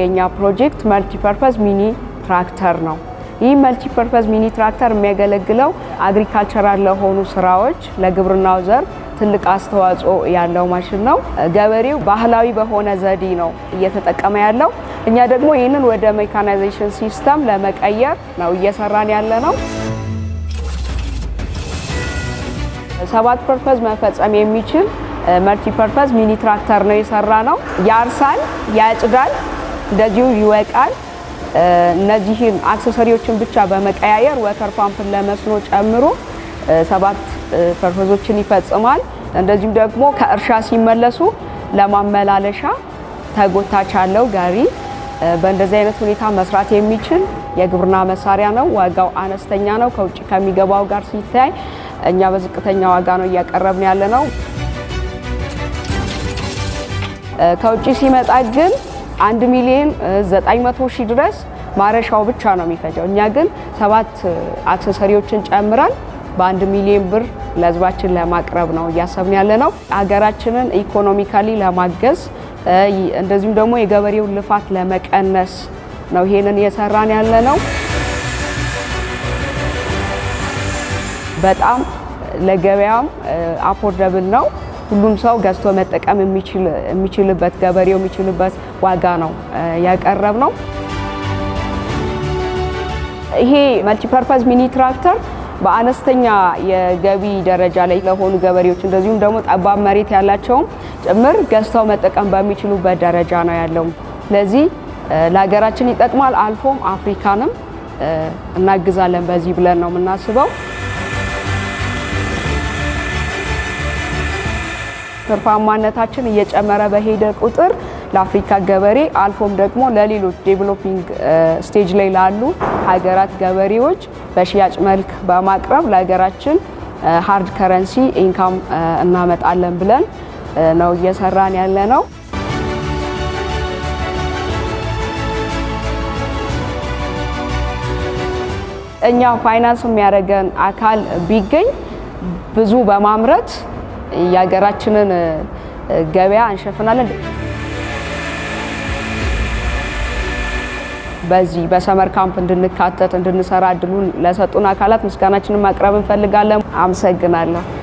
የኛ ፕሮጀክት መልቲፐርፐዝ ሚኒ ትራክተር ነው። ይህ መልቲፐርፐዝ ሚኒ ትራክተር የሚያገለግለው አግሪካልቸራል ለሆኑ ስራዎች ለግብርናው ዘርፍ ትልቅ አስተዋጽኦ ያለው ማሽን ነው። ገበሬው ባህላዊ በሆነ ዘዴ ነው እየተጠቀመ ያለው። እኛ ደግሞ ይህንን ወደ ሜካናይዜሽን ሲስተም ለመቀየር ነው እየሰራን ያለ ነው። ሰባት ፐርፐዝ መፈጸም የሚችል መልቲፐርፐዝ ሚኒ ትራክተር ነው የሰራ ነው። ያርሳል፣ ያጭዳል እንደዚሁ ይወቃል። እነዚህን አክሰሰሪዎችን ብቻ በመቀያየር ወተር ፓምፕን ለመስኖ ጨምሮ ሰባት ፐርፐዞችን ይፈጽማል። እንደዚሁም ደግሞ ከእርሻ ሲመለሱ ለማመላለሻ ተጎታች አለው ጋሪ። በእንደዚህ አይነት ሁኔታ መስራት የሚችል የግብርና መሳሪያ ነው። ዋጋው አነስተኛ ነው። ከውጭ ከሚገባው ጋር ሲታይ እኛ በዝቅተኛ ዋጋ ነው እያቀረብን ያለ ነው። ከውጭ ሲመጣ ግን አንድ ሚሊዮን ዘጠኝ መቶ ሺህ ድረስ ማረሻው ብቻ ነው የሚፈጀው። እኛ ግን ሰባት አክሰሰሪዎችን ጨምረን በአንድ ሚሊዮን ብር ለህዝባችን ለማቅረብ ነው እያሰብን ያለ ነው። ሀገራችንን ኢኮኖሚካሊ ለማገዝ እንደዚሁም ደግሞ የገበሬውን ልፋት ለመቀነስ ነው ይሄንን እየሰራን ያለ ነው። በጣም ለገበያም አፎርደብል ነው። ሁሉም ሰው ገዝቶ መጠቀም የሚችልበት ገበሬው የሚችልበት ዋጋ ነው ያቀረብ ነው። ይሄ መልቲፐርፐዝ ሚኒ ትራክተር በአነስተኛ የገቢ ደረጃ ላይ ለሆኑ ገበሬዎች እንደዚሁም ደግሞ ጠባብ መሬት ያላቸውም ጭምር ገዝተው መጠቀም በሚችሉበት ደረጃ ነው ያለው። ስለዚህ ለሀገራችን ይጠቅማል፣ አልፎም አፍሪካንም እናግዛለን በዚህ ብለን ነው የምናስበው። ትርፋማነታችን እየጨመረ በሄደ ቁጥር ለአፍሪካ ገበሬ አልፎም ደግሞ ለሌሎች ዴቨሎፒንግ ስቴጅ ላይ ላሉ ሀገራት ገበሬዎች በሽያጭ መልክ በማቅረብ ለሀገራችን ሀርድ ከረንሲ ኢንካም እናመጣለን ብለን ነው እየሰራን ያለ ነው። እኛ ፋይናንስ የሚያደርገን አካል ቢገኝ ብዙ በማምረት የሀገራችንን ገበያ እንሸፍናለን። በዚህ በሰመር ካምፕ እንድንካተት እንድንሰራ እድሉን ለሰጡን አካላት ምስጋናችንን ማቅረብ እንፈልጋለን። አመሰግናለሁ።